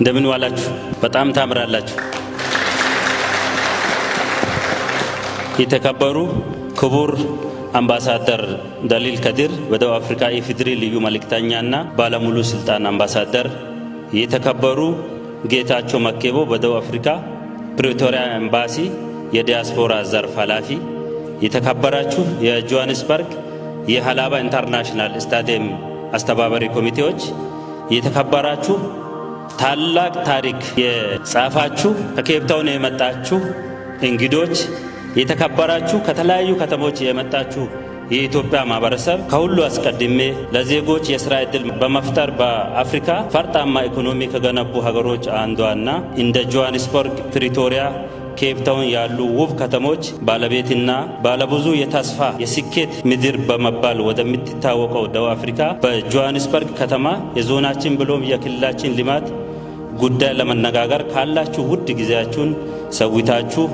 እንደምን ዋላችሁ። በጣም ታምራላችሁ። የተከበሩ ክቡር አምባሳደር ደሊል ከድር በደቡብ አፍሪካ የኢፌዴሪ ልዩ መልእክተኛና ባለሙሉ ስልጣን አምባሳደር፣ የተከበሩ ጌታቸው መኬቦ በደቡብ አፍሪካ ፕሪቶሪያ ኤምባሲ የዲያስፖራ ዘርፍ ኃላፊ፣ የተከበራችሁ የጆሃንስበርግ የሀላባ ኢንተርናሽናል ስታዲየም አስተባባሪ ኮሚቴዎች፣ የተከበራችሁ ታላቅ ታሪክ የጻፋችሁ ከኬፕታውን የመጣችሁ እንግዶች፣ የተከበራችሁ ከተለያዩ ከተሞች የመጣችሁ የኢትዮጵያ ማህበረሰብ ከሁሉ አስቀድሜ ለዜጎች የስራ እድል በመፍጠር በአፍሪካ ፈርጣማ ኢኮኖሚ ከገነቡ ሀገሮች አንዷና እንደ ጆሃንስበርግ፣ ፕሪቶሪያ፣ ኬፕታውን ያሉ ውብ ከተሞች ባለቤትና ባለብዙ የተስፋ የስኬት ምድር በመባል ወደምትታወቀው ደቡብ አፍሪካ በጆሃንስበርግ ከተማ የዞናችን ብሎም የክልላችን ልማት ጉዳይ ለመነጋገር ካላችሁ ውድ ጊዜያችሁን ሰዊታችሁ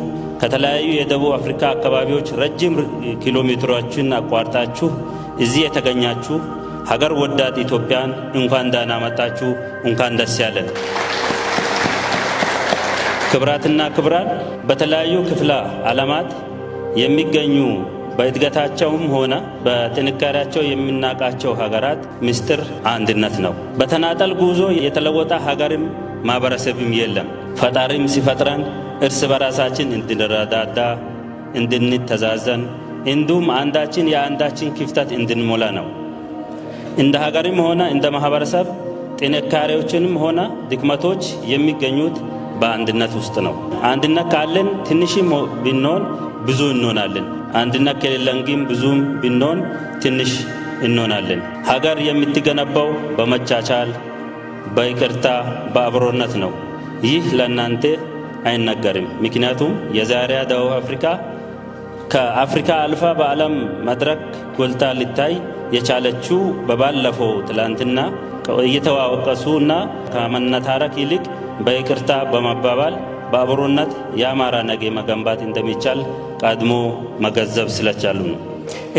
ከተለያዩ የደቡብ አፍሪካ አካባቢዎች ረጅም ኪሎ ሜትሮችን አቋርጣችሁ እዚህ የተገኛችሁ ሀገር ወዳድ ኢትዮጵያን እንኳን ደህና መጣችሁ፣ እንኳን ደስ ያለን። ክብራትና ክብራን በተለያዩ ክፍለ ዓለማት የሚገኙ በእድገታቸውም ሆነ በጥንካሬያቸው የሚናቃቸው ሀገራት ምስጢር አንድነት ነው። በተናጠል ጉዞ የተለወጠ ሀገርም ማህበረሰብም የለም። ፈጣሪም ሲፈጥረን እርስ በራሳችን እንድንረዳዳ፣ እንድንተዛዘን እንዲሁም አንዳችን የአንዳችን ክፍተት እንድንሞላ ነው። እንደ ሀገርም ሆነ እንደ ማህበረሰብ ጥንካሬዎችንም ሆነ ድክመቶች የሚገኙት በአንድነት ውስጥ ነው። አንድነት ካለን ትንሽም ብንሆን ብዙ እንሆናለን። አንድነት ከሌለን ግን ብዙም ብንሆን ትንሽ እንሆናለን። ሀገር የምትገነባው በመቻቻል በይቅርታ በአብሮነት ነው። ይህ ለእናንተ አይነገርም። ምክንያቱም የዛሬ ደቡብ አፍሪካ ከአፍሪካ አልፋ በዓለም መድረክ ጎልታ ሊታይ የቻለችው በባለፈው ትላንትና እየተዋወቀሱ እና ከመነታረክ ይልቅ በይቅርታ በመባባል በአብሮነት የአማራ ነገ መገንባት እንደሚቻል ቀድሞ መገንዘብ ስለቻሉ ነው።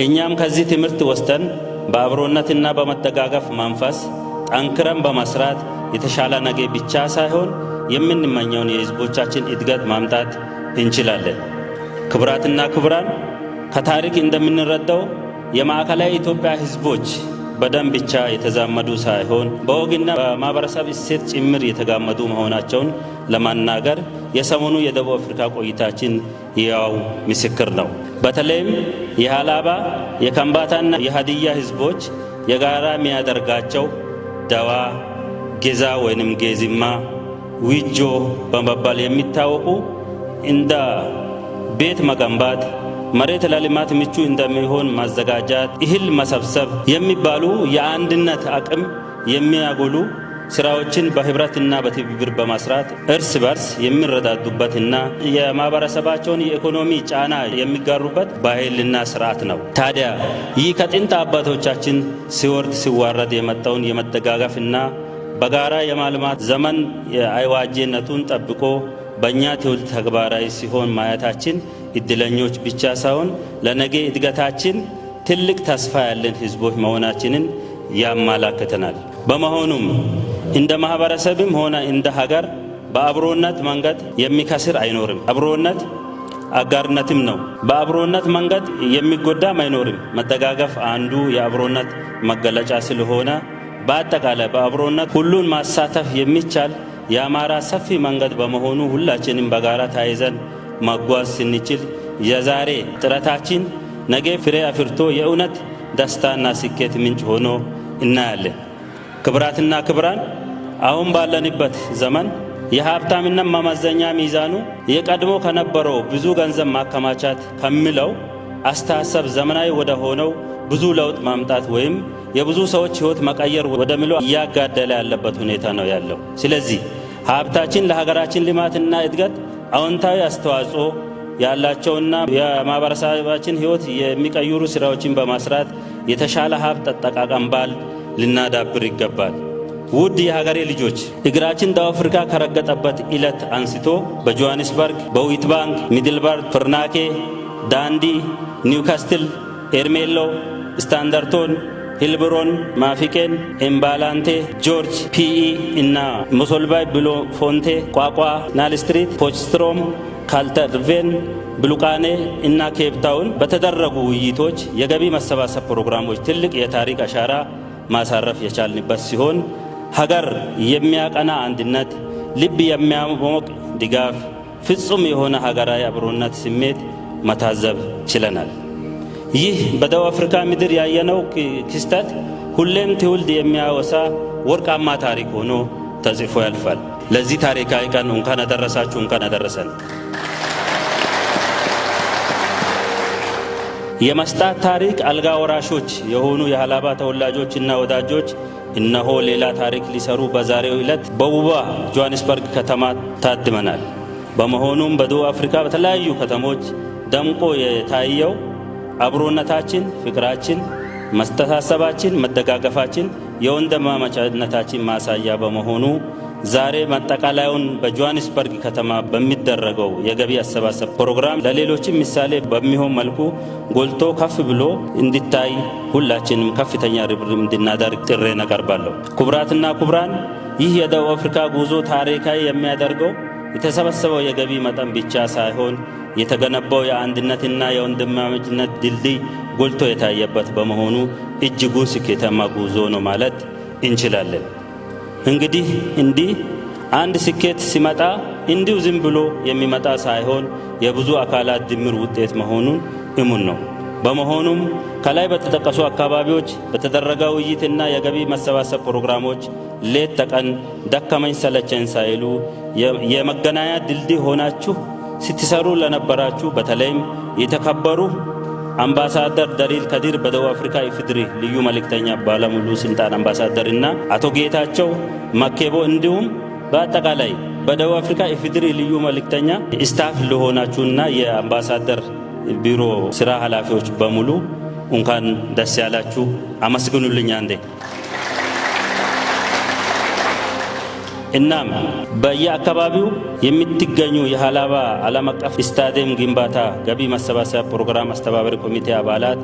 እኛም ከዚህ ትምህርት ወስደን በአብሮነትና በመደጋገፍ መንፈስ ጠንክረን በመስራት የተሻለ ነገ ብቻ ሳይሆን የምንመኘውን የህዝቦቻችን እድገት ማምጣት እንችላለን። ክቡራትና ክቡራን፣ ከታሪክ እንደምንረዳው የማዕከላዊ ኢትዮጵያ ህዝቦች በደም ብቻ የተዛመዱ ሳይሆን በወግና በማህበረሰብ እሴት ጭምር የተጋመዱ መሆናቸውን ለማናገር የሰሞኑ የደቡብ አፍሪካ ቆይታችን ያው ምስክር ነው። በተለይም የሃላባ የከምባታና የሀዲያ ህዝቦች የጋራ የሚያደርጋቸው ዳዋ፣ ጌዛ ወይንም ጌዚማ፣ ዊጆ በመባል የሚታወቁ እንደ ቤት መገንባት መሬት ለልማት ምቹ እንደሚሆን ማዘጋጃት፣ እህል መሰብሰብ የሚባሉ የአንድነት አቅም የሚያጎሉ ስራዎችን በህብረትና በትብብር በማስራት እርስ በርስ የሚረዳዱበትና የማህበረሰባቸውን የኢኮኖሚ ጫና የሚጋሩበት ባህልና ስርዓት ነው። ታዲያ ይህ ከጥንት አባቶቻችን ሲወርድ ሲዋረድ የመጣውን የመደጋገፍና በጋራ የማልማት ዘመን የአይዋጄነቱን ጠብቆ በእኛ ትውልድ ተግባራዊ ሲሆን ማየታችን እድለኞች ብቻ ሳይሆን ለነገ እድገታችን ትልቅ ተስፋ ያለን ህዝቦች መሆናችንን ያመላክተናል። በመሆኑም እንደ ማህበረሰብም ሆነ እንደ ሀገር በአብሮነት መንገድ የሚከስር አይኖርም። አብሮነት አጋርነትም ነው። በአብሮነት መንገድ የሚጎዳም አይኖርም። መደጋገፍ አንዱ የአብሮነት መገለጫ ስለሆነ በአጠቃላይ በአብሮነት ሁሉን ማሳተፍ የሚቻል የአማራ ሰፊ መንገድ በመሆኑ ሁላችንም በጋራ ተያይዘን መጓዝ ስንችል የዛሬ ጥረታችን ነገ ፍሬ አፍርቶ የእውነት ደስታና ስኬት ምንጭ ሆኖ እናያለን። ክብራትና ክብራን አሁን ባለንበት ዘመን የሀብታምነት መመዘኛ ሚዛኑ የቀድሞ ከነበረው ብዙ ገንዘብ ማከማቻት ከሚለው አስተሳሰብ ዘመናዊ ወደ ሆነው ብዙ ለውጥ ማምጣት ወይም የብዙ ሰዎች ሕይወት መቀየር ወደሚለው እያጋደለ ያለበት ሁኔታ ነው ያለው። ስለዚህ ሀብታችን ለሀገራችን ልማትና እድገት አዎንታዊ አስተዋጽኦ ያላቸውና የማህበረሰባችን ሕይወት የሚቀይሩ ስራዎችን በማስራት የተሻለ ሀብት አጠቃቀም ባህል ልናዳብር ይገባል። ውድ የሀገሬ ልጆች እግራችን ደቡብ አፍሪካ ከረገጠበት ዕለት አንስቶ በጆሃንስበርግ፣ ባንክ ሚድልበርግ፣ ፍርናኬ፣ ዳንዲ፣ ኒውካስትል፣ ኤርሜሎ፣ ስታንዳርቶን፣ ሂልብሮን፣ ማፊቄን፣ ኤምባላንቴ፣ ጆርጅ፣ ፒኢ እና ሞሶልባይ፣ ብሎ ፎንቴ፣ ቋቋ፣ ናልስትሪት፣ ፖችስትሮም፣ ካልተርቬን ብሉቃኔ እና ኬፕታውን በተደረጉ ውይይቶች የገቢ መሰባሰብ ፕሮግራሞች ትልቅ የታሪክ አሻራ ማሳረፍ የቻልንበት ሲሆን ሀገር የሚያቀና አንድነት፣ ልብ የሚያሞቅ ድጋፍ፣ ፍጹም የሆነ ሀገራዊ አብሮነት ስሜት መታዘብ ችለናል። ይህ በደቡብ አፍሪካ ምድር ያየነው ክስተት ሁሌም ትውልድ የሚያወሳ ወርቃማ ታሪክ ሆኖ ተጽፎ ያልፋል። ለዚህ ታሪካዊ ቀን እንኳን አደረሳችሁ፣ እንኳን አደረሰን። የመስጣት ታሪክ አልጋ ወራሾች የሆኑ የሀላባ ተወላጆችና ወዳጆች እነሆ ሌላ ታሪክ ሊሰሩ በዛሬው ዕለት በውባ ጆሃንስበርግ ከተማ ታድመናል። በመሆኑም በደቡብ አፍሪካ በተለያዩ ከተሞች ደምቆ የታየው አብሮነታችን፣ ፍቅራችን፣ መስተሳሰባችን፣ መደጋገፋችን የወንድማማችነታችን ማሳያ በመሆኑ ዛሬ ማጠቃለያውን በጆሃንስበርግ ከተማ በሚደረገው የገቢ አሰባሰብ ፕሮግራም ለሌሎችም ምሳሌ በሚሆን መልኩ ጎልቶ ከፍ ብሎ እንዲታይ ሁላችንም ከፍተኛ ርብር እንድናደርግ ጥሬን አቀርባለሁ። ክቡራትና ክቡራን፣ ይህ የደቡብ አፍሪካ ጉዞ ታሪካዊ የሚያደርገው የተሰበሰበው የገቢ መጠን ብቻ ሳይሆን የተገነባው የአንድነትና የወንድማማችነት ድልድይ ጎልቶ የታየበት በመሆኑ እጅጉ ስኬታማ ጉዞ ነው ማለት እንችላለን። እንግዲህ እንዲህ አንድ ስኬት ሲመጣ እንዲሁ ዝም ብሎ የሚመጣ ሳይሆን የብዙ አካላት ድምር ውጤት መሆኑን እሙን ነው። በመሆኑም ከላይ በተጠቀሱ አካባቢዎች በተደረገ ውይይትና የገቢ መሰባሰብ ፕሮግራሞች ሌት ተቀን ደከመኝ ሰለቸኝ ሳይሉ የመገናኛ ድልድይ ሆናችሁ ስትሰሩ ለነበራችሁ በተለይም የተከበሩ አምባሳደር ደሊል ከዲር በደቡብ አፍሪካ ኢፌዴሪ ልዩ መልእክተኛ ባለሙሉ ስልጣን አምባሳደር እና አቶ ጌታቸው ማኬቦ እንዲሁም በአጠቃላይ በደቡብ አፍሪካ ኢፌዴሪ ልዩ መልእክተኛ ስታፍ ለሆናችሁና የአምባሳደር ቢሮ ስራ ኃላፊዎች በሙሉ እንኳን ደስ ያላችሁ። አመስግኑልኝ አንዴ እናም በየአካባቢው የምትገኙ የሀላባ ዓለም አቀፍ ስታዲየም ግንባታ ገቢ ማሰባሰብ ፕሮግራም አስተባባሪ ኮሚቴ አባላት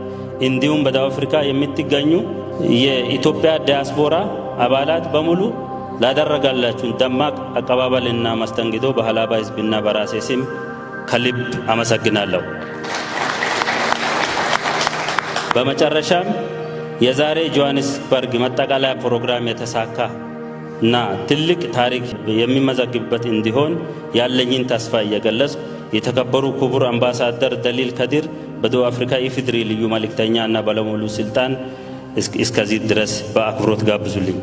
እንዲሁም በደቡብ አፍሪካ የምትገኙ የኢትዮጵያ ዲያስፖራ አባላት በሙሉ ላደረጋላችሁን ደማቅ አቀባበልና ማስተንግዶ በሀላባ ህዝብና በራሴ ስም ከልብ አመሰግናለሁ። በመጨረሻም የዛሬ ጆሃንስበርግ መጠቃለያ ፕሮግራም የተሳካ እና ትልቅ ታሪክ የሚመዘግብበት እንዲሆን ያለኝን ተስፋ እየገለጽኩ የተከበሩ ክቡር አምባሳደር ደሊል ከዲር በደቡብ አፍሪካ ኢፍድሪ ልዩ መልእክተኛ እና ባለሙሉ ስልጣን እስከዚህ ድረስ በአክብሮት ጋብዙልኝ።